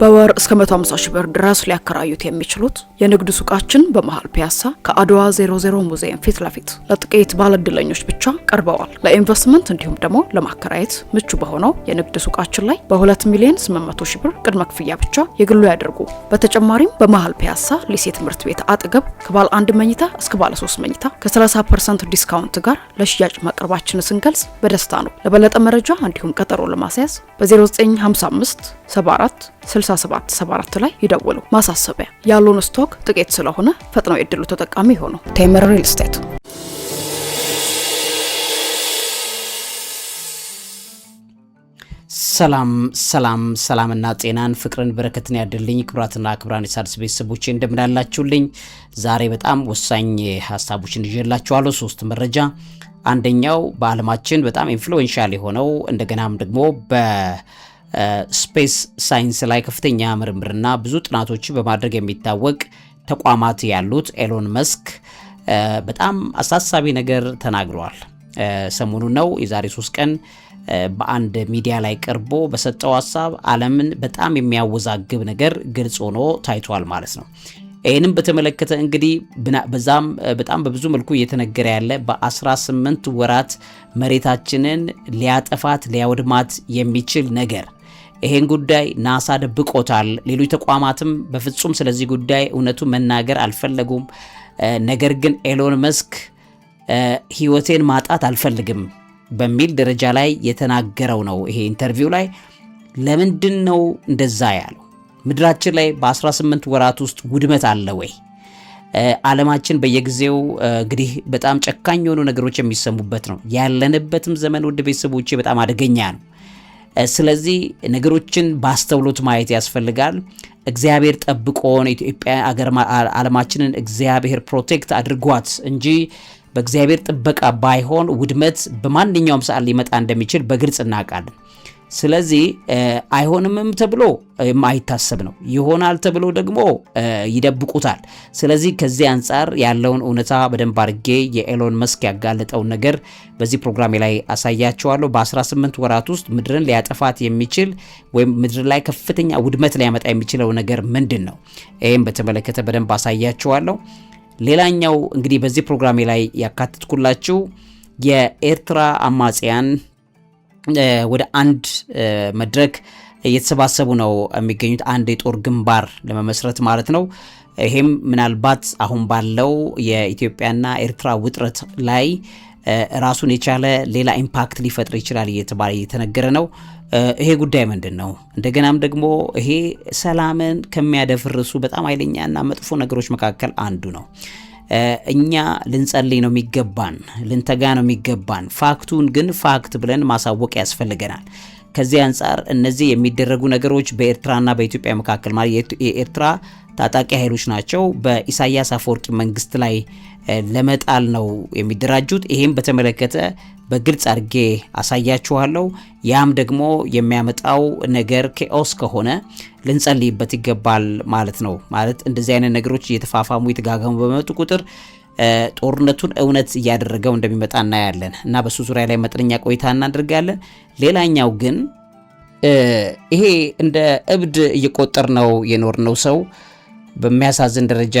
በወር እስከ 150 ሺህ ብር ድረስ ሊያከራዩት የሚችሉት የንግድ ሱቃችን በመሃል ፒያሳ ከአድዋ 00 ሙዚየም ፊት ለፊት ለጥቂት ባለድለኞች ብቻ ቀርበዋል። ለኢንቨስትመንት እንዲሁም ደግሞ ለማከራየት ምቹ በሆነው የንግድ ሱቃችን ላይ በ2 ሚሊዮን 800 ሺህ ብር ቅድመ ክፍያ ብቻ የግሉ ያደርጉ። በተጨማሪም በመሃል ፒያሳ ሊሴ ትምህርት ቤት አጠገብ ከባለ አንድ መኝታ እስከ ባለ 3 መኝታ ከ30 ፐርሰንት ዲስካውንት ጋር ለሽያጭ ማቅረባችን ስንገልጽ በደስታ ነው። ለበለጠ መረጃ እንዲሁም ቀጠሮ ለማስያዝ በ0955 74 6774 ላይ ይደውሉ። ማሳሰቢያ፣ ያሉን ስቶክ ጥቂት ስለሆነ ፈጥነው የድሉ ተጠቃሚ ይሆኑ። ቴምር ሪል ስቴት ሰላም ሰላም ሰላምና ጤናን ፍቅርን በረከትን ያድልኝ። ክቡራትና ክቡራን የሣድስ ቤተሰቦቼ እንደምናላችሁልኝ፣ ዛሬ በጣም ወሳኝ ሀሳቦችን ይዤላችኋለሁ። ሶስት መረጃ አንደኛው በዓለማችን በጣም ኢንፍሉዌንሻል የሆነው እንደገናም ደግሞ በ ስፔስ ሳይንስ ላይ ከፍተኛ ምርምርና ብዙ ጥናቶች በማድረግ የሚታወቅ ተቋማት ያሉት ኤሎን መስክ በጣም አሳሳቢ ነገር ተናግረዋል። ሰሞኑ ነው የዛሬ ሶስት ቀን በአንድ ሚዲያ ላይ ቀርቦ በሰጠው ሀሳብ ዓለምን በጣም የሚያወዛግብ ነገር ግልጽ ሆኖ ታይቷል ማለት ነው። ይህንም በተመለከተ እንግዲህ በዛም በጣም በብዙ መልኩ እየተነገረ ያለ በ18 ወራት መሬታችንን ሊያጠፋት ሊያወድማት የሚችል ነገር ይሄን ጉዳይ ናሳ ደብቆታል። ሌሎች ተቋማትም በፍጹም ስለዚህ ጉዳይ እውነቱ መናገር አልፈለጉም። ነገር ግን ኤሎን መስክ ህይወቴን ማጣት አልፈልግም በሚል ደረጃ ላይ የተናገረው ነው። ይሄ ኢንተርቪው ላይ ለምንድን ነው እንደዛ ያለው? ምድራችን ላይ በ18 ወራት ውስጥ ውድመት አለ ወይ? ዓለማችን በየጊዜው እንግዲህ በጣም ጨካኝ የሆኑ ነገሮች የሚሰሙበት ነው ያለንበትም ዘመን ውድ ቤተሰቦቼ በጣም አደገኛ ነው። ስለዚህ ነገሮችን ባስተውሎት ማየት ያስፈልጋል። እግዚአብሔር ጠብቆን ኢትዮጵያ አገር ዓለማችንን እግዚአብሔር ፕሮቴክት አድርጓት እንጂ በእግዚአብሔር ጥበቃ ባይሆን ውድመት በማንኛውም ሰዓት ሊመጣ እንደሚችል በግልጽ እናውቃለን። ስለዚህ አይሆንምም ተብሎ የማይታሰብ ነው። ይሆናል ተብሎ ደግሞ ይደብቁታል። ስለዚህ ከዚህ አንጻር ያለውን እውነታ በደንብ አድርጌ የኤሎን መስክ ያጋለጠውን ነገር በዚህ ፕሮግራሜ ላይ አሳያቸዋለሁ። በ18 ወራት ውስጥ ምድርን ሊያጠፋት የሚችል ወይም ምድር ላይ ከፍተኛ ውድመት ሊያመጣ የሚችለው ነገር ምንድን ነው? ይህም በተመለከተ በደንብ አሳያቸዋለሁ። ሌላኛው እንግዲህ በዚህ ፕሮግራሜ ላይ ያካትትኩላችሁ የኤርትራ አማጽያን ወደ አንድ መድረክ እየተሰባሰቡ ነው የሚገኙት፣ አንድ የጦር ግንባር ለመመስረት ማለት ነው። ይሄም ምናልባት አሁን ባለው የኢትዮጵያና ኤርትራ ውጥረት ላይ ራሱን የቻለ ሌላ ኢምፓክት ሊፈጥር ይችላል እየተባለ እየተነገረ ነው። ይሄ ጉዳይ ምንድን ነው? እንደገናም ደግሞ ይሄ ሰላምን ከሚያደፍርሱ በጣም ኃይለኛና መጥፎ ነገሮች መካከል አንዱ ነው። እኛ ልንጸልይ ነው የሚገባን፣ ልንተጋ ነው የሚገባን። ፋክቱን ግን ፋክት ብለን ማሳወቅ ያስፈልገናል። ከዚህ አንጻር እነዚህ የሚደረጉ ነገሮች በኤርትራና በኢትዮጵያ መካከል ማለት የኤርትራ ታጣቂ ኃይሎች ናቸው በኢሳያስ አፈወርቂ መንግስት ላይ ለመጣል ነው የሚደራጁት። ይሄም በተመለከተ በግልጽ አድርጌ አሳያችኋለሁ። ያም ደግሞ የሚያመጣው ነገር ኬኦስ ከሆነ ልንጸልይበት ይገባል ማለት ነው። ማለት እንደዚህ አይነት ነገሮች እየተፋፋሙ የተጋጋሙ በመጡ ቁጥር ጦርነቱን እውነት እያደረገው እንደሚመጣ እናያለን እና በሱ ዙሪያ ላይ መጠነኛ ቆይታ እናደርጋለን። ሌላኛው ግን ይሄ እንደ እብድ እየቆጠር ነው የኖር ነው ሰው በሚያሳዝን ደረጃ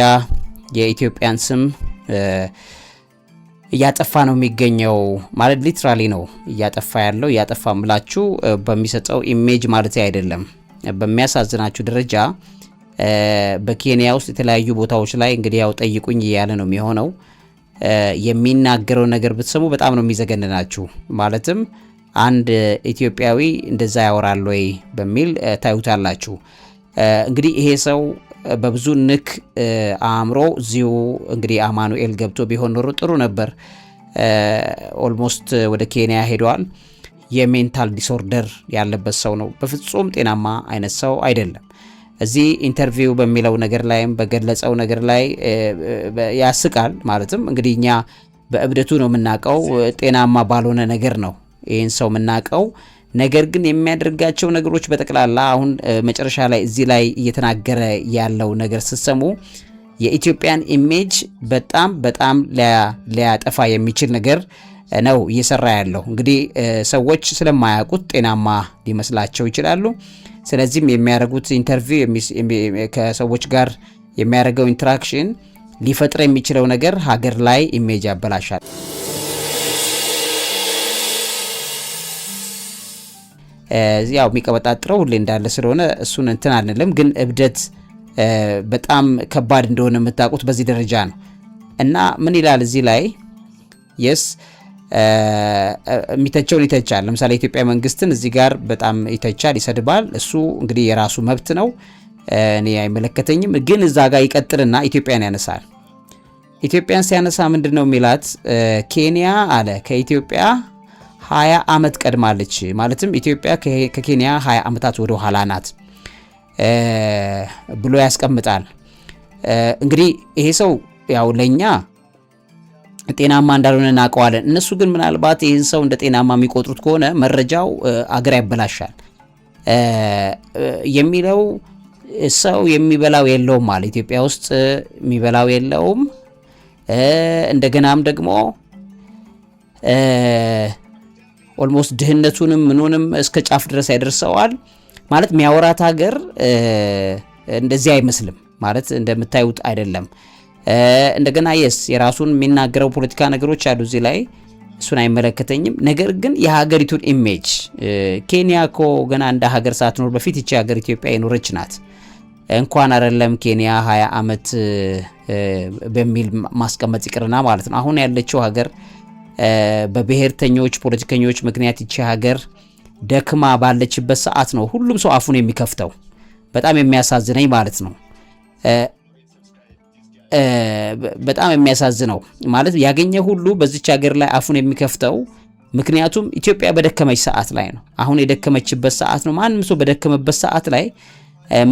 የኢትዮጵያን ስም እያጠፋ ነው የሚገኘው ማለት ሊትራሊ ነው እያጠፋ ያለው። እያጠፋ ምላችሁ በሚሰጠው ኢሜጅ ማለት አይደለም። በሚያሳዝናችሁ ደረጃ በኬንያ ውስጥ የተለያዩ ቦታዎች ላይ እንግዲህ ያው ጠይቁኝ እያለ ነው የሚሆነው። የሚናገረው ነገር ብትሰሙ በጣም ነው የሚዘገንናችሁ። ማለትም አንድ ኢትዮጵያዊ እንደዛ ያወራል ወይ በሚል ታዩታላችሁ። እንግዲህ ይሄ ሰው በብዙ ንክ አእምሮ እዚሁ እንግዲህ አማኑኤል ገብቶ ቢሆን ኖሮ ጥሩ ነበር። ኦልሞስት ወደ ኬንያ ሄደዋል። የሜንታል ዲስኦርደር ያለበት ሰው ነው። በፍጹም ጤናማ አይነት ሰው አይደለም። እዚህ ኢንተርቪው በሚለው ነገር ላይም በገለጸው ነገር ላይ ያስቃል። ማለትም እንግዲህ እኛ በእብደቱ ነው የምናውቀው፣ ጤናማ ባልሆነ ነገር ነው ይህን ሰው የምናውቀው። ነገር ግን የሚያደርጋቸው ነገሮች በጠቅላላ አሁን መጨረሻ ላይ እዚህ ላይ እየተናገረ ያለው ነገር ስትሰሙ የኢትዮጵያን ኢሜጅ በጣም በጣም ሊያጠፋ የሚችል ነገር ነው እየሰራ ያለው። እንግዲህ ሰዎች ስለማያውቁት ጤናማ ሊመስላቸው ይችላሉ። ስለዚህም የሚያደርጉት ኢንተርቪው ከሰዎች ጋር የሚያደርገው ኢንተራክሽን ሊፈጥር የሚችለው ነገር ሀገር ላይ ኢሜጅ ያበላሻል። ያው የሚቀበጣጥረው ሁሌ እንዳለ ስለሆነ እሱን እንትን አንልም፣ ግን እብደት በጣም ከባድ እንደሆነ የምታውቁት በዚህ ደረጃ ነው። እና ምን ይላል እዚህ ላይ የስ የሚተቸውን ይተቻል። ለምሳሌ የኢትዮጵያ መንግስትን እዚህ ጋር በጣም ይተቻል፣ ይሰድባል። እሱ እንግዲህ የራሱ መብት ነው፣ እኔ አይመለከተኝም። ግን እዛ ጋር ይቀጥልና ኢትዮጵያን ያነሳል። ኢትዮጵያን ሲያነሳ ምንድን ነው የሚላት? ኬንያ አለ ከኢትዮጵያ 20 ዓመት ቀድማለች። ማለትም ኢትዮጵያ ከኬንያ 20 ዓመታት ወደ ኋላ ናት ብሎ ያስቀምጣል። እንግዲህ ይሄ ሰው ያው ለእኛ ጤናማ እንዳልሆነ እናውቀዋለን። እነሱ ግን ምናልባት ይህን ሰው እንደ ጤናማ የሚቆጥሩት ከሆነ መረጃው አገር ያበላሻል የሚለው ሰው የሚበላው የለውም አለ። ኢትዮጵያ ውስጥ የሚበላው የለውም። እንደገናም ደግሞ ኦልሞስት ድህነቱንም ምኑንም እስከ ጫፍ ድረስ ያደርሰዋል። ማለት የሚያወራት ሀገር እንደዚህ አይመስልም። ማለት እንደምታዩት አይደለም። እንደገና የስ የራሱን የሚናገረው ፖለቲካ ነገሮች አሉ እዚህ ላይ እሱን አይመለከተኝም። ነገር ግን የሀገሪቱን ኢሜጅ ኬንያ ኮ ገና እንደ ሀገር ሳትኖር በፊት ይቺ ሀገር ኢትዮጵያ የኖረች ናት። እንኳን አይደለም ኬንያ 20 ዓመት በሚል ማስቀመጥ ይቅርና ማለት ነው አሁን ያለችው ሀገር በብሔርተኞች ፖለቲከኞች ምክንያት ይቺ ሀገር ደክማ ባለችበት ሰዓት ነው ሁሉም ሰው አፉን የሚከፍተው። በጣም የሚያሳዝነኝ ማለት ነው። በጣም የሚያሳዝነው ማለት ያገኘ ሁሉ በዚች ሀገር ላይ አፉን የሚከፍተው ምክንያቱም ኢትዮጵያ በደከመች ሰዓት ላይ ነው። አሁን የደከመችበት ሰዓት ነው። ማንም ሰው በደከመበት ሰዓት ላይ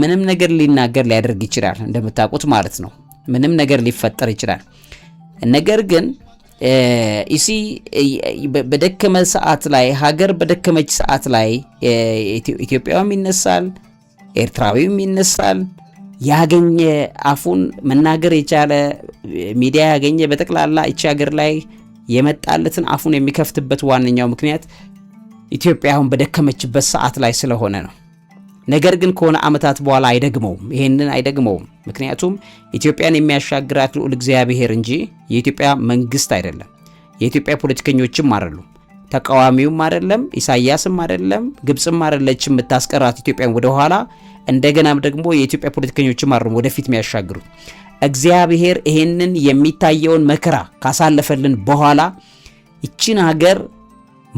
ምንም ነገር ሊናገር ሊያደርግ ይችላል፣ እንደምታውቁት ማለት ነው። ምንም ነገር ሊፈጠር ይችላል። ነገር ግን ኢሲ በደከመ ሰዓት ላይ ሀገር በደከመች ሰዓት ላይ ኢትዮጵያውም ይነሳል፣ ኤርትራዊም ይነሳል። ያገኘ አፉን መናገር የቻለ ሚዲያ ያገኘ በጠቅላላ እቺ ሀገር ላይ የመጣለትን አፉን የሚከፍትበት ዋነኛው ምክንያት ኢትዮጵያውን በደከመችበት ሰዓት ላይ ስለሆነ ነው። ነገር ግን ከሆነ ዓመታት በኋላ አይደግመውም። ይህንን አይደግመውም። ምክንያቱም ኢትዮጵያን የሚያሻግራት ልዑል እግዚአብሔር እንጂ የኢትዮጵያ መንግስት አይደለም። የኢትዮጵያ ፖለቲከኞችም አይደሉም። ተቃዋሚውም አይደለም፣ ኢሳያስም አይደለም፣ ግብፅም አይደለች የምታስቀራት ኢትዮጵያን ወደኋላ። እንደገናም ደግሞ የኢትዮጵያ ፖለቲከኞችም አይደሉም ወደፊት የሚያሻግሩት። እግዚአብሔር ይሄንን የሚታየውን መከራ ካሳለፈልን በኋላ ይችን ሀገር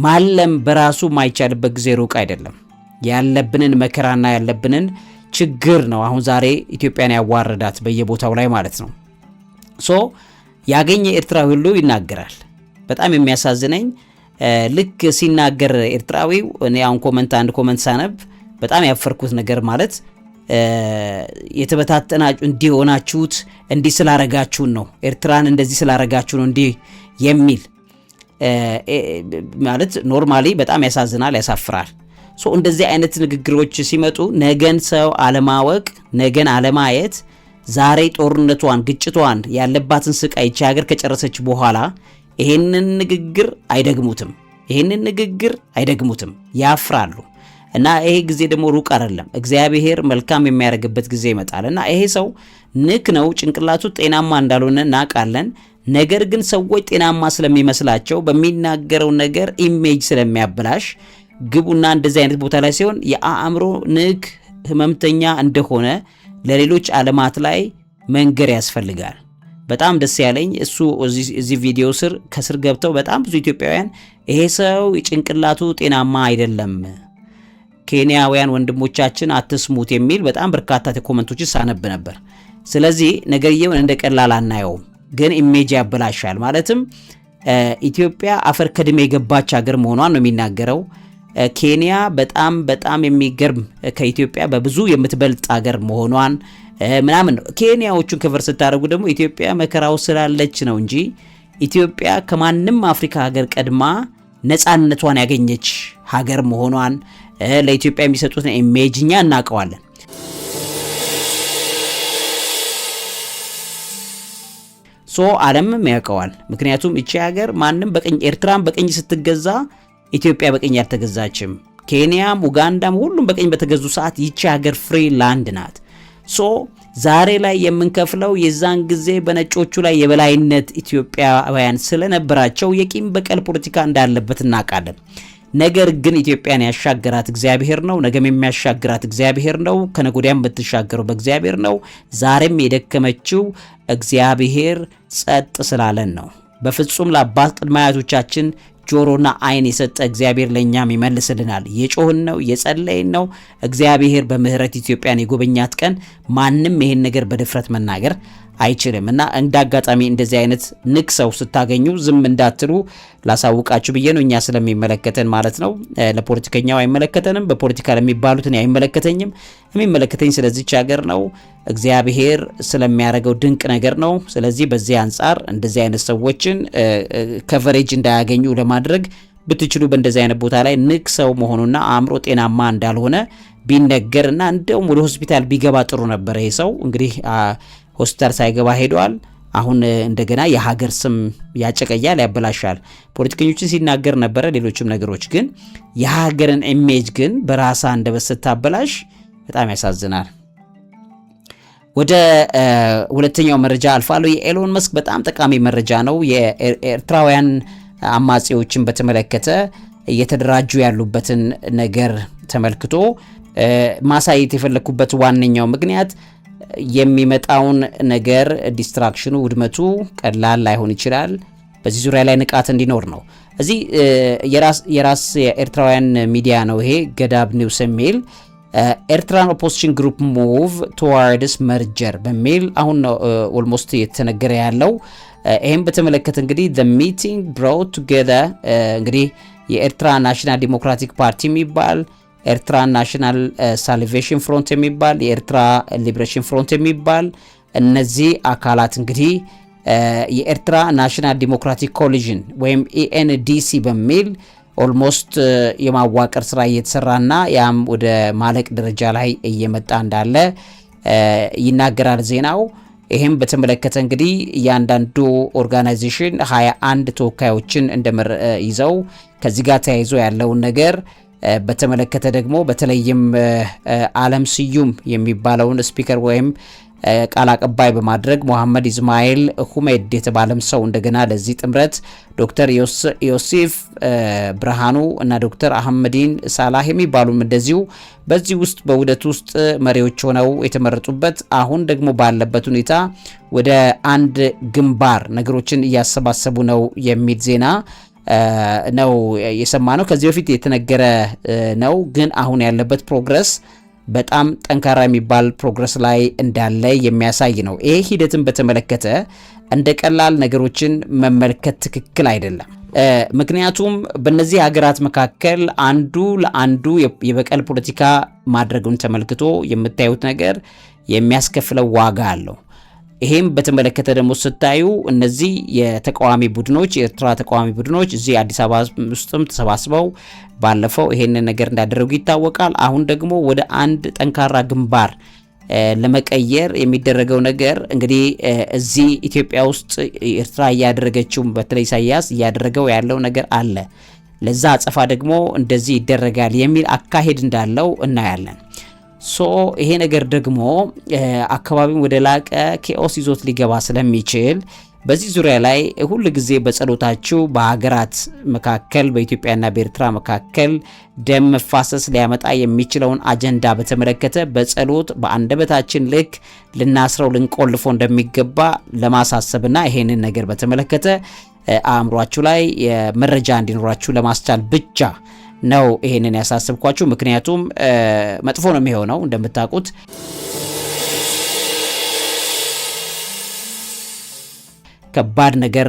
ማለም በራሱ ማይቻልበት ጊዜ ሩቅ አይደለም። ያለብንን መከራና ያለብንን ችግር ነው አሁን ዛሬ ኢትዮጵያን ያዋረዳት በየቦታው ላይ ማለት ነው። ሶ ያገኘ ኤርትራዊ ሁሉ ይናገራል። በጣም የሚያሳዝነኝ ልክ ሲናገር ኤርትራዊው እኔ አሁን ኮመንት አንድ ኮመንት ሳነብ በጣም ያፈርኩት ነገር ማለት የተበታተናችሁ እንዲህ የሆናችሁት እንዲህ ስላረጋችሁን ነው ኤርትራን እንደዚህ ስላረጋችሁ ነው እንዲህ የሚል ማለት ኖርማሊ በጣም ያሳዝናል፣ ያሳፍራል። እንደዚህ አይነት ንግግሮች ሲመጡ ነገን ሰው አለማወቅ፣ ነገን አለማየት ዛሬ ጦርነቷን ግጭቷን ያለባትን ስቃይ ይቺ ሀገር ከጨረሰች በኋላ ይህንን ንግግር አይደግሙትም። ይህንን ንግግር አይደግሙትም፣ ያፍራሉ። እና ይሄ ጊዜ ደግሞ ሩቅ አይደለም። እግዚአብሔር መልካም የሚያደርግበት ጊዜ ይመጣል። እና ይሄ ሰው ንክ ነው፣ ጭንቅላቱ ጤናማ እንዳልሆነ እናውቃለን። ነገር ግን ሰዎች ጤናማ ስለሚመስላቸው በሚናገረው ነገር ኢሜጅ ስለሚያበላሽ ግቡና እንደዚህ አይነት ቦታ ላይ ሲሆን የአእምሮ ንክ ህመምተኛ እንደሆነ ለሌሎች ዓለማት ላይ መንገር ያስፈልጋል። በጣም ደስ ያለኝ እሱ እዚህ ቪዲዮ ስር ከስር ገብተው በጣም ብዙ ኢትዮጵያውያን ይሄ ሰው የጭንቅላቱ ጤናማ አይደለም፣ ኬንያውያን ወንድሞቻችን አትስሙት የሚል በጣም በርካታ ኮመንቶችን ሳነብ ነበር። ስለዚህ ነገርየውን እንደ ቀላል አናየውም፣ ግን ኢሜጅ ያበላሻል። ማለትም ኢትዮጵያ አፈር ከድሜ የገባች ሀገር መሆኗን ነው የሚናገረው። ኬንያ በጣም በጣም የሚገርም ከኢትዮጵያ በብዙ የምትበልጥ ሀገር መሆኗን ምናምን ነው። ኬንያዎቹን ክፍር ስታደርጉ ደግሞ ኢትዮጵያ መከራው ስላለች ነው እንጂ ኢትዮጵያ ከማንም አፍሪካ ሀገር ቀድማ ነፃነቷን ያገኘች ሀገር መሆኗን ለኢትዮጵያ የሚሰጡትን ኢሜጅ እኛ እናውቀዋለን። ሶ ዓለምም ያውቀዋል። ምክንያቱም እቺ ሀገር ማንም በቀኝ ኤርትራን በቀኝ ስትገዛ ኢትዮጵያ በቀኝ አልተገዛችም። ኬንያም ኡጋንዳም ሁሉም በቀኝ በተገዙ ሰዓት ይቺ ሀገር ፍሪ ላንድ ናት። ሶ ዛሬ ላይ የምንከፍለው የዛን ጊዜ በነጮቹ ላይ የበላይነት ኢትዮጵያውያን ስለነበራቸው የቂም በቀል ፖለቲካ እንዳለበት እናውቃለን። ነገር ግን ኢትዮጵያን ያሻገራት እግዚአብሔር ነው። ነገም የሚያሻግራት እግዚአብሔር ነው። ከነጎዲያም የምትሻገረው በእግዚአብሔር ነው። ዛሬም የደከመችው እግዚአብሔር ጸጥ ስላለን ነው። በፍጹም ለአባት ቅድመ አያቶቻችን ጆሮና አይን የሰጠ እግዚአብሔር ለእኛም ይመልስልናል። የጮህን ነው የጸለይን ነው። እግዚአብሔር በምህረት ኢትዮጵያን የጎበኛት ቀን ማንም ይሄን ነገር በድፍረት መናገር አይችልም እና እንደ አጋጣሚ እንደዚህ አይነት ንቅ ሰው ስታገኙ ዝም እንዳትሉ ላሳውቃችሁ ብዬ ነው። እኛ ስለሚመለከተን ማለት ነው። ለፖለቲከኛው አይመለከተንም፣ በፖለቲካ ለሚባሉት እኔ አይመለከተኝም። የሚመለከተኝ ስለዚች ሀገር ነው፣ እግዚአብሔር ስለሚያደርገው ድንቅ ነገር ነው። ስለዚህ በዚህ አንጻር እንደዚህ አይነት ሰዎችን ከቨሬጅ እንዳያገኙ ለማድረግ ብትችሉ በእንደዚህ አይነት ቦታ ላይ ንቅ ሰው መሆኑና አእምሮ ጤናማ እንዳልሆነ ቢነገርና እንደውም ወደ ሆስፒታል ቢገባ ጥሩ ነበረ። ይህ ሰው እንግዲህ ሆስፒታል ሳይገባ ሄደዋል። አሁን እንደገና የሀገር ስም ያጨቀያል፣ ያበላሻል። ፖለቲከኞችን ሲናገር ነበረ። ሌሎችም ነገሮች ግን የሀገርን ኢሜጅ ግን በራሳ አንደበት ስታበላሽ በጣም ያሳዝናል። ወደ ሁለተኛው መረጃ አልፋለሁ። የኤሎን መስክ በጣም ጠቃሚ መረጃ ነው። የኤርትራውያን አማጺዎችን በተመለከተ እየተደራጁ ያሉበትን ነገር ተመልክቶ ማሳየት የፈለግኩበት ዋነኛው ምክንያት የሚመጣውን ነገር ዲስትራክሽኑ፣ ውድመቱ ቀላል ላይሆን ይችላል። በዚህ ዙሪያ ላይ ንቃት እንዲኖር ነው። እዚህ የራስ የኤርትራውያን ሚዲያ ነው ይሄ ገዳብ ኒውስ የሚል ኤርትራን ኦፖዚሽን ግሩፕ ሙቭ ቱዋርድስ መርጀር በሚል አሁን ነው ኦልሞስት የተነገረ ያለው። ይህም በተመለከተ እንግዲህ ዘ ሚቲንግ ብሮት ቱጌዘር እንግዲህ የኤርትራ ናሽናል ዲሞክራቲክ ፓርቲ የሚባል ኤርትራ ናሽናል ሳልቬሽን ፍሮንት የሚባል የኤርትራ ሊብሬሽን ፍሮንት የሚባል እነዚህ አካላት እንግዲህ የኤርትራ ናሽናል ዲሞክራቲክ ኮሊዥን ወይም ኢኤንዲሲ በሚል ኦልሞስት የማዋቀር ስራ እየተሰራና ያም ወደ ማለቅ ደረጃ ላይ እየመጣ እንዳለ ይናገራል ዜናው። ይህም በተመለከተ እንግዲህ እያንዳንዱ ኦርጋናይዜሽን 21 ተወካዮችን እንደመር ይዘው ከዚህ ጋር ተያይዞ ያለውን ነገር በተመለከተ ደግሞ በተለይም አለም ስዩም የሚባለውን ስፒከር ወይም ቃል አቀባይ በማድረግ ሞሐመድ ኢስማኤል ሁሜድ የተባለም ሰው እንደገና ለዚህ ጥምረት ዶክተር ዮሴፍ ብርሃኑ እና ዶክተር አህመዲን ሳላህ የሚባሉም እንደዚሁ በዚህ ውስጥ በውህደት ውስጥ መሪዎች ሆነው የተመረጡበት አሁን ደግሞ ባለበት ሁኔታ ወደ አንድ ግንባር ነገሮችን እያሰባሰቡ ነው የሚል ዜና ነው የሰማ ነው። ከዚህ በፊት የተነገረ ነው፣ ግን አሁን ያለበት ፕሮግረስ በጣም ጠንካራ የሚባል ፕሮግረስ ላይ እንዳለ የሚያሳይ ነው። ይሄ ሂደትን በተመለከተ እንደ ቀላል ነገሮችን መመልከት ትክክል አይደለም። ምክንያቱም በእነዚህ ሀገራት መካከል አንዱ ለአንዱ የበቀል ፖለቲካ ማድረጉን ተመልክቶ የምታዩት ነገር የሚያስከፍለው ዋጋ አለው። ይሄም በተመለከተ ደግሞ ስታዩ እነዚህ የተቃዋሚ ቡድኖች የኤርትራ ተቃዋሚ ቡድኖች እዚህ አዲስ አበባ ውስጥም ተሰባስበው ባለፈው ይሄንን ነገር እንዳደረጉ ይታወቃል። አሁን ደግሞ ወደ አንድ ጠንካራ ግንባር ለመቀየር የሚደረገው ነገር እንግዲህ እዚህ ኢትዮጵያ ውስጥ ኤርትራ እያደረገችው በተለይ ኢሳያስ እያደረገው ያለው ነገር አለ። ለዛ አጸፋ ደግሞ እንደዚህ ይደረጋል የሚል አካሄድ እንዳለው እናያለን። ሶ ይሄ ነገር ደግሞ አካባቢውን ወደ ላቀ ኬኦስ ይዞት ሊገባ ስለሚችል በዚህ ዙሪያ ላይ ሁል ጊዜ በጸሎታችሁ በሀገራት መካከል በኢትዮጵያና በኤርትራ መካከል ደም መፋሰስ ሊያመጣ የሚችለውን አጀንዳ በተመለከተ በጸሎት በአንደበታችን ልክ ልናስረው ልንቆልፎ እንደሚገባ ለማሳሰብና ይሄንን ነገር በተመለከተ አእምሯችሁ ላይ መረጃ እንዲኖራችሁ ለማስቻል ብቻ ነው ይሄንን ያሳስብኳችሁ። ምክንያቱም መጥፎ ነው የሚሆነው እንደምታውቁት ከባድ ነገር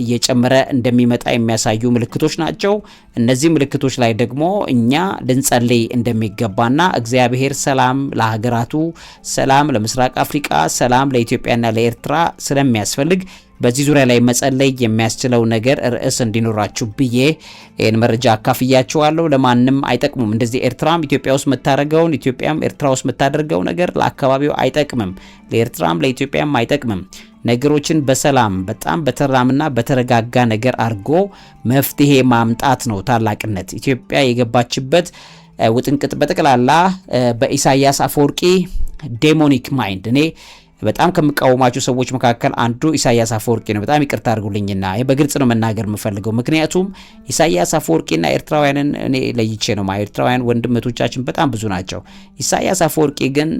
እየጨመረ እንደሚመጣ የሚያሳዩ ምልክቶች ናቸው። እነዚህ ምልክቶች ላይ ደግሞ እኛ ልንጸልይ እንደሚገባና እግዚአብሔር ሰላም ለሀገራቱ፣ ሰላም ለምስራቅ አፍሪቃ፣ ሰላም ለኢትዮጵያና ለኤርትራ ስለሚያስፈልግ በዚህ ዙሪያ ላይ መጸለይ የሚያስችለው ነገር ርዕስ እንዲኖራችሁ ብዬ ይህን መረጃ አካፍያችኋለሁ። ለማንም አይጠቅሙም። እንደዚህ ኤርትራም ኢትዮጵያ ውስጥ የምታደርገውን ኢትዮጵያም ኤርትራ ውስጥ የምታደርገው ነገር ለአካባቢው አይጠቅምም፣ ለኤርትራም ለኢትዮጵያም አይጠቅምም። ነገሮችን በሰላም በጣም በተራምና በተረጋጋ ነገር አድርጎ መፍትሄ ማምጣት ነው ታላቅነት። ኢትዮጵያ የገባችበት ውጥንቅጥ በጠቅላላ በኢሳያስ አፈወርቂ ዴሞኒክ ማይንድ እኔ በጣም ከምቃወማቸው ሰዎች መካከል አንዱ ኢሳያስ አፈወርቂ ነው። በጣም ይቅርታ አድርጉልኝና በግልጽ ነው መናገር የምፈልገው። ምክንያቱም ኢሳያስ አፈወርቂና ኤርትራውያንን እኔ ለይቼ ነው። ኤርትራውያን ወንድመቶቻችን በጣም ብዙ ናቸው። ኢሳያስ አፈወርቂ ግን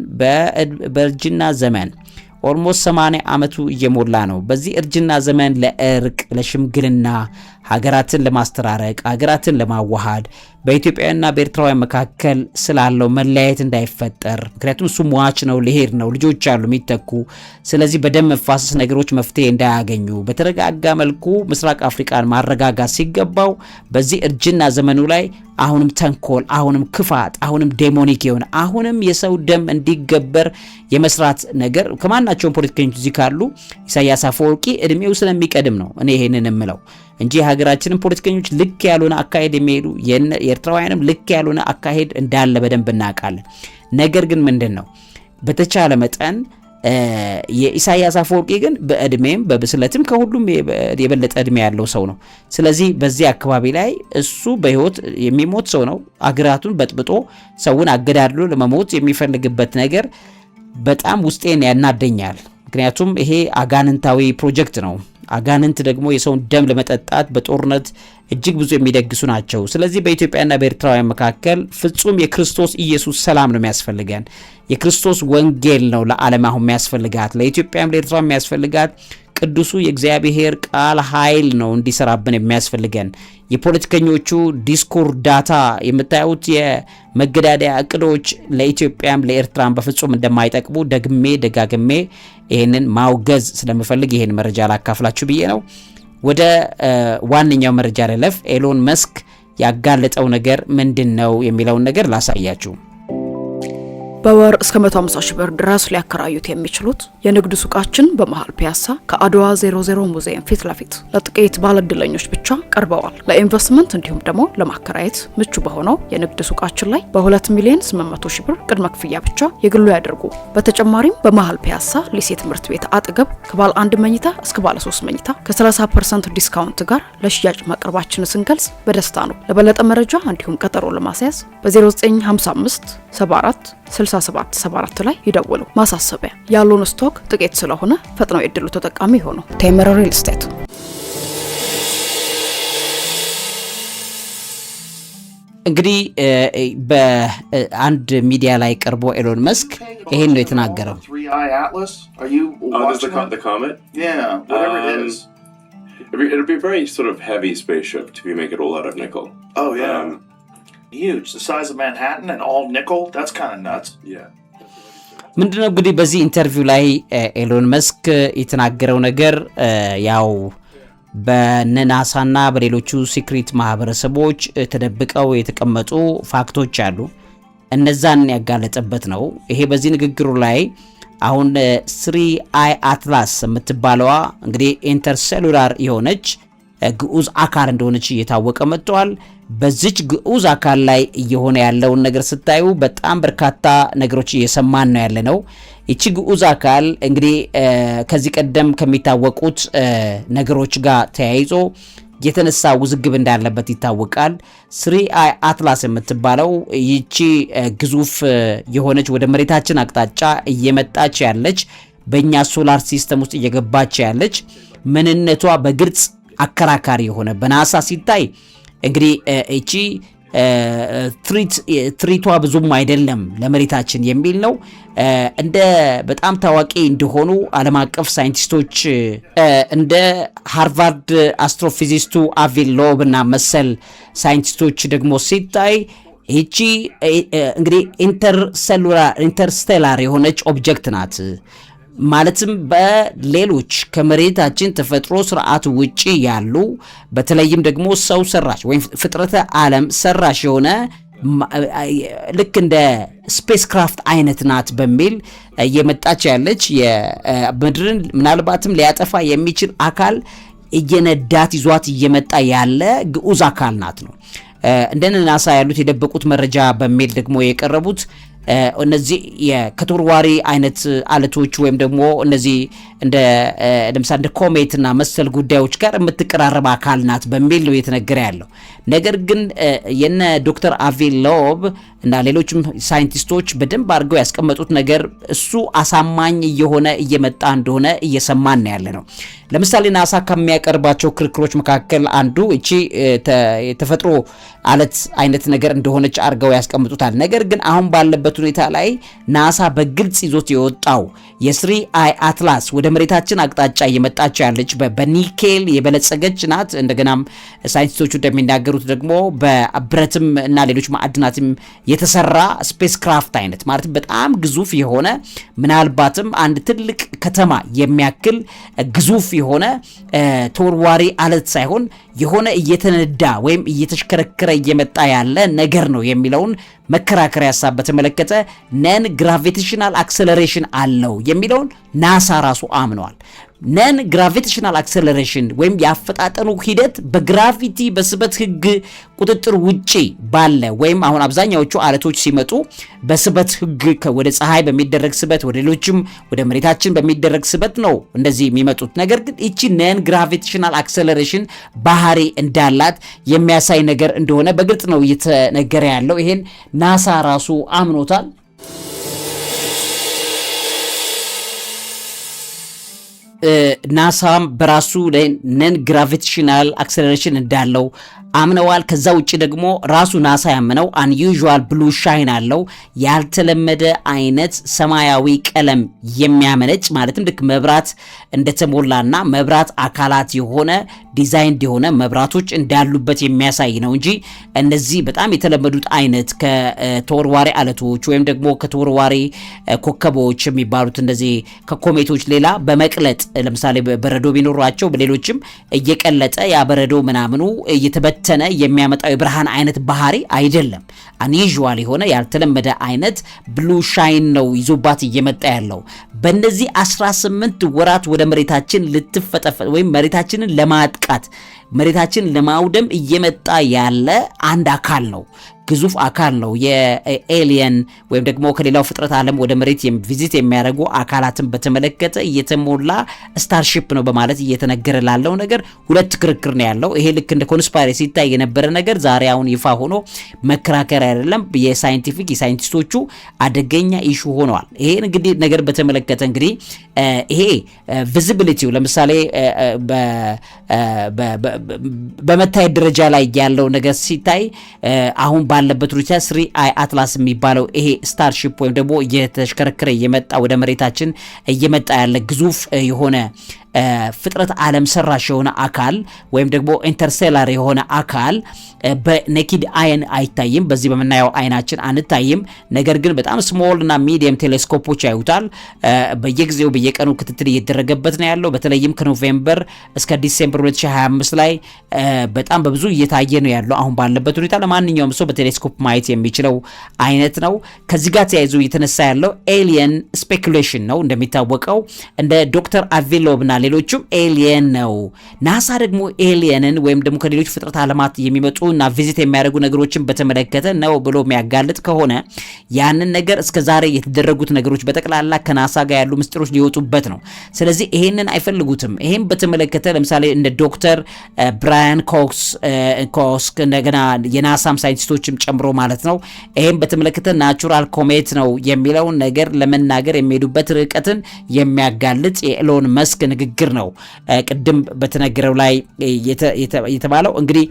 በእርጅና ዘመን ኦልሞስት 80 ዓመቱ እየሞላ ነው። በዚህ እርጅና ዘመን ለእርቅ ለሽምግልና ሀገራትን ለማስተራረቅ ሀገራትን ለማዋሃድ በኢትዮጵያውያንና በኤርትራውያን መካከል ስላለው መለያየት እንዳይፈጠር፣ ምክንያቱም እሱ ሟች ነው፣ ሊሄድ ነው፣ ልጆች አሉ የሚተኩ። ስለዚህ በደም መፋሰስ ነገሮች መፍትሄ እንዳያገኙ በተረጋጋ መልኩ ምስራቅ አፍሪካን ማረጋጋት ሲገባው በዚህ እርጅና ዘመኑ ላይ አሁንም ተንኮል፣ አሁንም ክፋት፣ አሁንም ዴሞኒክ የሆነ አሁንም የሰው ደም እንዲገበር የመስራት ነገር ከማናቸውም ፖለቲከኞች እዚህ ካሉ ኢሳያስ አፈወርቂ እድሜው ስለሚቀድም ነው እኔ ይሄንን የምለው። እንጂ የሀገራችንን ፖለቲከኞች ልክ ያልሆነ አካሄድ የሚሄዱ የኤርትራውያንም ልክ ያልሆነ አካሄድ እንዳለ በደንብ እናውቃለን። ነገር ግን ምንድን ነው በተቻለ መጠን የኢሳያስ አፈወርቂ ግን በእድሜም በብስለትም ከሁሉም የበለጠ እድሜ ያለው ሰው ነው። ስለዚህ በዚህ አካባቢ ላይ እሱ በህይወት የሚሞት ሰው ነው። አገራቱን በጥብጦ ሰውን አገዳድሎ ለመሞት የሚፈልግበት ነገር በጣም ውስጤን ያናደኛል። ምክንያቱም ይሄ አጋንንታዊ ፕሮጀክት ነው። አጋንንት ደግሞ የሰውን ደም ለመጠጣት በጦርነት እጅግ ብዙ የሚደግሱ ናቸው። ስለዚህ በኢትዮጵያና በኤርትራውያን መካከል ፍጹም የክርስቶስ ኢየሱስ ሰላም ነው የሚያስፈልገን። የክርስቶስ ወንጌል ነው ለዓለም አሁን የሚያስፈልጋት፣ ለኢትዮጵያም ለኤርትራ የሚያስፈልጋት ቅዱሱ የእግዚአብሔር ቃል ኃይል ነው እንዲሰራብን የሚያስፈልገን። የፖለቲከኞቹ ዲስኩር ዳታ የምታዩት የመገዳደያ እቅዶች ለኢትዮጵያም ለኤርትራም በፍጹም እንደማይጠቅሙ ደግሜ ደጋግሜ ይህንን ማውገዝ ስለምፈልግ ይህን መረጃ ላካፍላችሁ ብዬ ነው። ወደ ዋነኛው መረጃ ልለፍ። ኤሎን መስክ ያጋለጠው ነገር ምንድን ነው የሚለውን ነገር ላሳያችሁ። በወር እስከ 150 ሺህ ብር ድረስ ሊያከራዩት የሚችሉት የንግድ ሱቃችን በመሃል ፒያሳ ከአድዋ 00 ሙዚየም ፊት ለፊት ለጥቂት ባለድለኞች ብቻ ቀርበዋል። ለኢንቨስትመንት እንዲሁም ደግሞ ለማከራየት ምቹ በሆነው የንግድ ሱቃችን ላይ በ2 ሚሊዮን 800 ሺህ ብር ቅድመ ክፍያ ብቻ የግሉ ያደርጉ። በተጨማሪም በመሃል ፒያሳ ሊሴ ትምህርት ቤት አጠገብ ከባለ አንድ መኝታ እስከ ባለ 3 መኝታ ከ30 ፐርሰንት ዲስካውንት ጋር ለሽያጭ ማቅረባችን ስንገልጽ በደስታ ነው። ለበለጠ መረጃ እንዲሁም ቀጠሮ ለማስያዝ በ0955 74 6774 ላይ ይደውሉ። ማሳሰቢያ፣ ያሉን ስቶክ ጥቂት ስለሆነ ፈጥነው የድሉ ተጠቃሚ ይሆኑ። ቴምር ሪል ስቴት እንግዲህ በአንድ ሚዲያ ላይ ቀርቦ ኤሎን መስክ ይሄን ነው የተናገረው። oh, um, It'd be it'd be very sort of heavy spaceship to be making all out of nickel. Oh yeah. Um, huge. The size of Manhattan and all nickel. That's kind of nuts. Yeah. ምንድነው እንግዲህ በዚህ ኢንተርቪው ላይ ኤሎን መስክ የተናገረው ነገር ያው በነናሳና በሌሎቹ ሲክሪት ማህበረሰቦች ተደብቀው የተቀመጡ ፋክቶች አሉ። እነዛን ያጋለጠበት ነው። ይሄ በዚህ ንግግሩ ላይ አሁን ስሪ አይ አትላስ የምትባለዋ እንግዲህ ኢንተርሴሉላር የሆነች ግዑዝ አካል እንደሆነች እየታወቀ መጥተዋል። በዚች ግዑዝ አካል ላይ እየሆነ ያለውን ነገር ስታዩ በጣም በርካታ ነገሮች እየሰማን ነው ያለ ነው። ይቺ ግዑዝ አካል እንግዲህ ከዚህ ቀደም ከሚታወቁት ነገሮች ጋር ተያይዞ የተነሳ ውዝግብ እንዳለበት ይታወቃል። ስሪ አይ አትላስ የምትባለው ይቺ ግዙፍ የሆነች ወደ መሬታችን አቅጣጫ እየመጣች ያለች በእኛ ሶላር ሲስተም ውስጥ እየገባች ያለች ምንነቷ በግልጽ አከራካሪ የሆነ በናሳ ሲታይ እንግዲህ እቺ ትሪቷ ብዙም አይደለም ለመሬታችን የሚል ነው። እንደ በጣም ታዋቂ እንደሆኑ ዓለም አቀፍ ሳይንቲስቶች እንደ ሃርቫርድ አስትሮፊዚስቱ አቪል ሎብ እና መሰል ሳይንቲስቶች ደግሞ ሲታይ ይቺ እንግዲህ ኢንተርስቴላር የሆነች ኦብጀክት ናት። ማለትም በሌሎች ከመሬታችን ተፈጥሮ ስርዓት ውጪ ያሉ በተለይም ደግሞ ሰው ሰራሽ ወይም ፍጥረተ ዓለም ሰራሽ የሆነ ልክ እንደ ስፔስ ክራፍት አይነት ናት በሚል እየመጣች ያለች የምድርን ምናልባትም ሊያጠፋ የሚችል አካል እየነዳት ይዟት እየመጣ ያለ ግዑዝ አካል ናት ነው። እንደነ ናሳ ያሉት የደበቁት መረጃ በሚል ደግሞ የቀረቡት እነዚህ የከቶርዋሪ አይነት አለቶች ወይም ደግሞ እነዚህ እንደ ለምሳሌ እንደ ኮሜትና መሰል ጉዳዮች ጋር የምትቀራረብ አካል ናት በሚል ነው የተነገረ ያለው። ነገር ግን የነ ዶክተር አቪ ሎብ እና ሌሎችም ሳይንቲስቶች በደንብ አድርገው ያስቀመጡት ነገር እሱ አሳማኝ እየሆነ እየመጣ እንደሆነ እየሰማን ያለ ነው። ለምሳሌ ናሳ ከሚያቀርባቸው ክርክሮች መካከል አንዱ እቺ የተፈጥሮ አለት አይነት ነገር እንደሆነች አድርገው ያስቀምጡታል። ነገር ግን አሁን ባለበት ሁኔታ ላይ ናሳ በግልጽ ይዞት የወጣው የስሪ አይ አትላስ ወደ መሬታችን አቅጣጫ እየመጣቸው ያለች በኒኬል የበለጸገች ናት። እንደገናም ሳይንቲስቶቹ እንደሚናገሩት ደግሞ በብረትም እና ሌሎች ማዕድናትም የተሰራ ስፔስ ክራፍት አይነት ማለትም በጣም ግዙፍ የሆነ ምናልባትም አንድ ትልቅ ከተማ የሚያክል ግዙፍ የሆነ ተወርዋሪ አለት ሳይሆን የሆነ እየተነዳ ወይም እየተሽከረከረ እየመጣ ያለ ነገር ነው የሚለውን መከራከሪያ ሀሳብ በተመለከተ ነን ግራቪቴሽናል አክሰለሬሽን አለው የሚለውን ናሳ ራሱ አምነዋል። ነን ግራቪቴሽናል አክሰለሬሽን ወይም የአፈጣጠኑ ሂደት በግራቪቲ በስበት ህግ ቁጥጥር ውጪ ባለ ወይም አሁን አብዛኛዎቹ አለቶች ሲመጡ በስበት ህግ ወደ ፀሐይ በሚደረግ ስበት፣ ወደ ሌሎችም ወደ መሬታችን በሚደረግ ስበት ነው እንደዚህ የሚመጡት። ነገር ግን እቺ ነን ግራቪቴሽናል አክሰለሬሽን ባህሪ እንዳላት የሚያሳይ ነገር እንደሆነ በግልጽ ነው እየተነገረ ያለው። ይሄን ናሳ ራሱ አምኖታል። ናሳም በራሱ ላይ ነን ግራቪቴሽናል አክሰለሬሽን እንዳለው አምነዋል። ከዛ ውጭ ደግሞ ራሱ ናሳ ያምነው አንዩዥዋል ብሉ ሻይን አለው ያልተለመደ አይነት ሰማያዊ ቀለም የሚያመነጭ ማለትም ልክ መብራት እንደተሞላና መብራት አካላት የሆነ ዲዛይን የሆነ መብራቶች እንዳሉበት የሚያሳይ ነው እንጂ እነዚህ በጣም የተለመዱት አይነት ከተወርዋሪ አለቶች ወይም ደግሞ ከተወርዋሪ ኮከቦች የሚባሉት እነዚህ ከኮሜቶች ሌላ በመቅለጥ ለምሳሌ በረዶ ቢኖሯቸው በሌሎችም እየቀለጠ ያ በረዶ ምናምኑ እየተበተነ የሚያመጣው የብርሃን አይነት ባህሪ አይደለም። አንዩዥዋል የሆነ ያልተለመደ አይነት ብሉ ሻይን ነው ይዞባት እየመጣ ያለው። በእነዚህ 18 ወራት ወደ መሬታችን ልትፈጠፈ ወይም መሬታችንን ለማጥቃት መሬታችን ለማውደም እየመጣ ያለ አንድ አካል ነው። ግዙፍ አካል ነው። የኤሊየን ወይም ደግሞ ከሌላው ፍጥረት ዓለም ወደ መሬት ቪዚት የሚያደርጉ አካላትን በተመለከተ እየተሞላ ስታርሺፕ ነው በማለት እየተነገረ ላለው ነገር ሁለት ክርክር ነው ያለው። ይሄ ልክ እንደ ኮንስፓይሬሲ ሲታይ የነበረ ነገር ዛሬ አሁን ይፋ ሆኖ መከራከር አይደለም። የሳይንቲፊክ የሳይንቲስቶቹ አደገኛ ኢሹ ሆነዋል። ይሄን እንግዲህ ነገር በተመለከተ እንግዲህ ይሄ ቪዚቢሊቲው ለምሳሌ በመታየት ደረጃ ላይ ያለው ነገር ሲታይ አሁን ባለበት ሩሲያ ስሪ አይ አትላስ የሚባለው ይሄ ስታርሺፕ ወይም ደግሞ እየተሽከረከረ እየመጣ ወደ መሬታችን እየመጣ ያለ ግዙፍ የሆነ ፍጥረት ዓለም ሰራሽ የሆነ አካል ወይም ደግሞ ኢንተርሴላር የሆነ አካል በኔኪድ አይን አይታይም፣ በዚህ በምናየው አይናችን አንታይም። ነገር ግን በጣም ስሞል እና ሚዲየም ቴሌስኮፖች ያዩታል። በየጊዜው በየቀኑ ክትትል እየተደረገበት ነው ያለው። በተለይም ከኖቬምበር እስከ ዲሴምበር 2025 ላይ በጣም በብዙ እየታየ ነው ያለው አሁን ባለበት ሁኔታ ለማንኛውም ሰው ቴሌስኮፕ ማየት የሚችለው አይነት ነው። ከዚህ ጋር ተያይዞ እየተነሳ ያለው ኤሊየን ስፔኩሌሽን ነው። እንደሚታወቀው እንደ ዶክተር አቬሎብና ሌሎችም ኤሊየን ነው። ናሳ ደግሞ ኤሊየንን ወይም ደግሞ ከሌሎች ፍጥረት የሚመጡ የሚመጡና ቪዚት የሚያደርጉ ነገሮችን በተመለከተ ነው ብሎ የሚያጋልጥ ከሆነ ያንን ነገር እስከ ዛሬ የተደረጉት ነገሮች በጠቅላላ ከናሳ ጋር ያሉ ምስጢሮች ሊወጡበት ነው። ስለዚህ ይሄንን አይፈልጉትም። ይሄን በተመለከተ ለምሳሌ እንደ ዶክተር ብራያን ኮክስ እንደገና የናሳም ሳይንቲስቶችም ጨምሮ ማለት ነው። ይህም በተመለከተ ናቹራል ኮሜት ነው የሚለውን ነገር ለመናገር የሚሄዱበት ርቀትን የሚያጋልጥ የኤሎን መስክ ንግግር ነው። ቅድም በተነገረው ላይ የተባለው እንግዲህ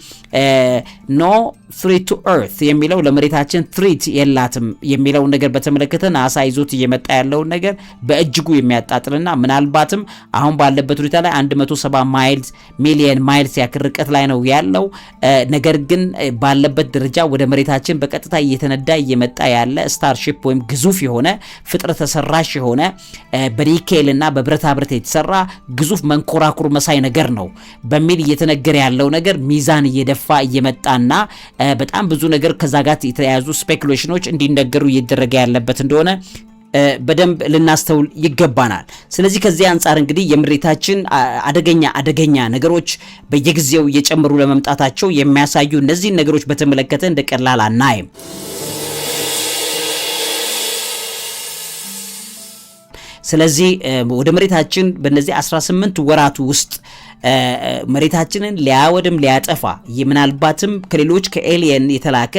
ኖ ትሪት ቱ ኤርት የሚለው ለመሬታችን ትሪት የላትም የሚለውን ነገር በተመለከተ ናሳ ይዞት እየመጣ ያለውን ነገር በእጅጉ የሚያጣጥልና ምናልባትም አሁን ባለበት ሁኔታ ላይ 170 ማይልስ ሚሊየን ማይልስ ያክል ርቀት ላይ ነው ያለው። ነገር ግን ባለበት ደረጃ ወደ መሬታችን በቀጥታ እየተነዳ እየመጣ ያለ ስታርሺፕ ወይም ግዙፍ የሆነ ፍጥረ ተሰራሽ የሆነ በኒኬልና በብረታ ብረት የተሰራ ግዙፍ መንኮራኩር መሳይ ነገር ነው በሚል እየተነገረ ያለው ነገር ሚዛን እየደፋ እየመጣና በጣም ብዙ ነገር ከዛ ጋር የተያያዙ ስፔኩሌሽኖች እንዲነገሩ እየደረገ ያለበት እንደሆነ በደንብ ልናስተውል ይገባናል። ስለዚህ ከዚህ አንጻር እንግዲህ የምሬታችን አደገኛ አደገኛ ነገሮች በየጊዜው እየጨመሩ ለመምጣታቸው የሚያሳዩ እነዚህን ነገሮች በተመለከተ እንደ ቀላል አናይም። ስለዚህ ወደ መሬታችን በእነዚህ 18 ወራት ውስጥ መሬታችንን ሊያወድም ሊያጠፋ ምናልባትም ከሌሎች ከኤሊየን የተላከ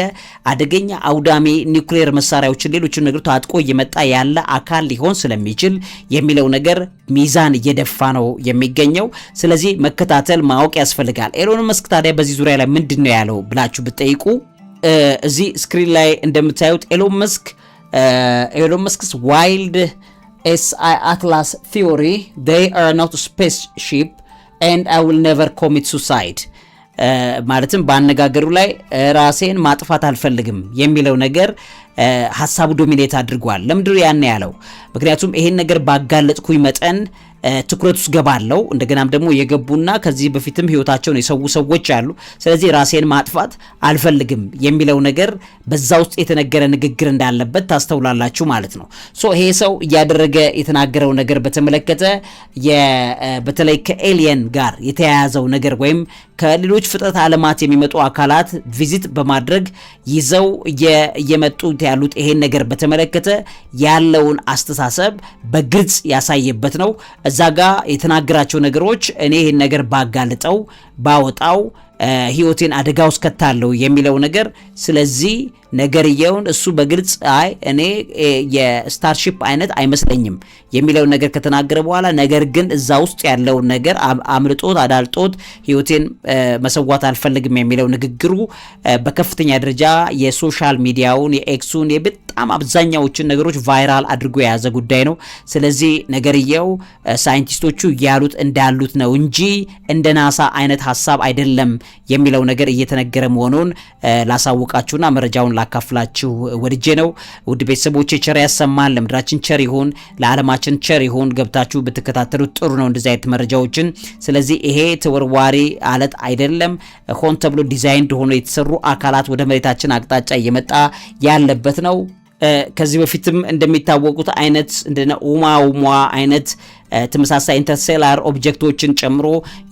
አደገኛ አውዳሜ ኒውክሌር መሳሪያዎችን ሌሎችን ነገር ታጥቆ እየመጣ ያለ አካል ሊሆን ስለሚችል የሚለው ነገር ሚዛን እየደፋ ነው የሚገኘው። ስለዚህ መከታተል ማወቅ ያስፈልጋል። ኤሎን መስክ ታዲያ በዚህ ዙሪያ ላይ ምንድን ነው ያለው ብላችሁ ብትጠይቁ እዚህ ስክሪን ላይ እንደምታዩት ኤሎን መስክ ኤሎን መስክስ ዋይልድ ኤስአይ አትላስ ቲዮሪ ዴይ አር ኖት ስፔስ ሺፕ ኤንድ አይ ዊል ኔቨር ኮሚት ሱሳይድ ማለትም በአነጋገሩ ላይ ራሴን ማጥፋት አልፈልግም የሚለው ነገር ሀሳቡ ዶሚኔት አድርጓል። ለምድር ያን ያለው ምክንያቱም ይሄን ነገር ባጋለጥኩኝ መጠን ትኩረት ውስጥ ገባለው። እንደገናም ደግሞ የገቡና ከዚህ በፊትም ህይወታቸውን የሰው ሰዎች አሉ። ስለዚህ ራሴን ማጥፋት አልፈልግም የሚለው ነገር በዛ ውስጥ የተነገረ ንግግር እንዳለበት ታስተውላላችሁ ማለት ነው። ሶ ይሄ ሰው እያደረገ የተናገረው ነገር በተመለከተ በተለይ ከኤሊየን ጋር የተያያዘው ነገር ወይም ከሌሎች ፍጥረት አለማት የሚመጡ አካላት ቪዚት በማድረግ ይዘው እየመጡ ያሉት ይሄን ነገር በተመለከተ ያለውን አስተሳሰብ በግልጽ ያሳየበት ነው። እዛ ጋ የተናገራቸው ነገሮች እኔ ይሄን ነገር ባጋልጠው ባወጣው ህይወቴን አደጋ ውስጥ ከታለው የሚለው ነገር ስለዚህ ነገርየውን እሱ በግልጽ አይ እኔ የስታርሺፕ አይነት አይመስለኝም የሚለውን ነገር ከተናገረ በኋላ ነገር ግን እዛ ውስጥ ያለውን ነገር አምልጦት አዳልጦት ህይወቴን መሰዋት አልፈልግም የሚለው ንግግሩ በከፍተኛ ደረጃ የሶሻል ሚዲያውን የኤክሱን የበጣም አብዛኛዎችን ነገሮች ቫይራል አድርጎ የያዘ ጉዳይ ነው። ስለዚህ ነገርየው ሳይንቲስቶቹ እያሉት እንዳሉት ነው እንጂ እንደ ናሳ አይነት ሀሳብ አይደለም የሚለው ነገር እየተነገረ መሆኑን ላሳውቃችሁና መረጃውን ላካፍላችሁ ወድጄ ነው። ውድ ቤተሰቦች ቸር ያሰማን፣ ለምድራችን ቸር ይሁን፣ ለዓለማችን ቸር ይሁን። ገብታችሁ ብትከታተሉት ጥሩ ነው እንደዚህ አይነት መረጃዎችን። ስለዚህ ይሄ ተወርዋሪ አለት አይደለም፣ ሆን ተብሎ ዲዛይን ሆኖ የተሰሩ አካላት ወደ መሬታችን አቅጣጫ እየመጣ ያለበት ነው። ከዚህ በፊትም እንደሚታወቁት አይነት እንደነ ኡማውሟ አይነት ተመሳሳይ ኢንተርሴላር ኦብጀክቶችን ጨምሮ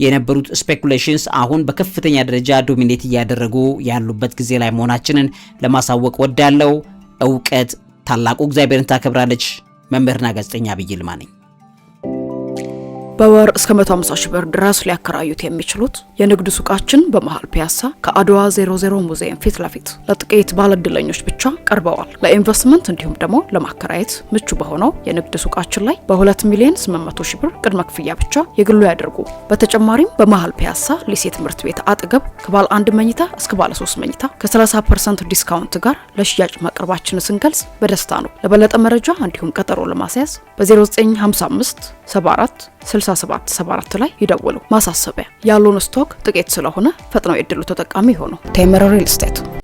የነበሩት ስፔኩሌሽንስ አሁን በከፍተኛ ደረጃ ዶሚኔት እያደረጉ ያሉበት ጊዜ ላይ መሆናችንን ለማሳወቅ ወዳለው እውቀት ታላቁ እግዚአብሔርን ታከብራለች። መምህርና ጋዜጠኛ ዐቢይ ይልማ ነኝ። በወር እስከ 150 ሺህ ብር ድረስ ሊያከራዩት የሚችሉት የንግድ ሱቃችን በመሃል ፒያሳ ከአድዋ 00 ሙዚየም ፊት ለፊት ለጥቂት ባለድለኞች ብቻ ቀርበዋል። ለኢንቨስትመንት እንዲሁም ደግሞ ለማከራየት ምቹ በሆነው የንግድ ሱቃችን ላይ በ2 ሚሊዮን 800 ሺህ ብር ቅድመ ክፍያ ብቻ የግሉ ያደርጉ። በተጨማሪም በመሃል ፒያሳ ሊሴ ትምህርት ቤት አጠገብ ከባለ አንድ መኝታ እስከ ባለ 3 መኝታ ከ30 ፐርሰንት ዲስካውንት ጋር ለሽያጭ ማቅረባችን ስንገልጽ በደስታ ነው። ለበለጠ መረጃ እንዲሁም ቀጠሮ ለማስያዝ በ0955 74 6774 ላይ ይደውሉ። ማሳሰቢያ፣ ያሉን ስቶክ ጥቂት ስለሆነ ፈጥነው የድሉ ተጠቃሚ ይሆኑ። ቴምር ሪል ስቴት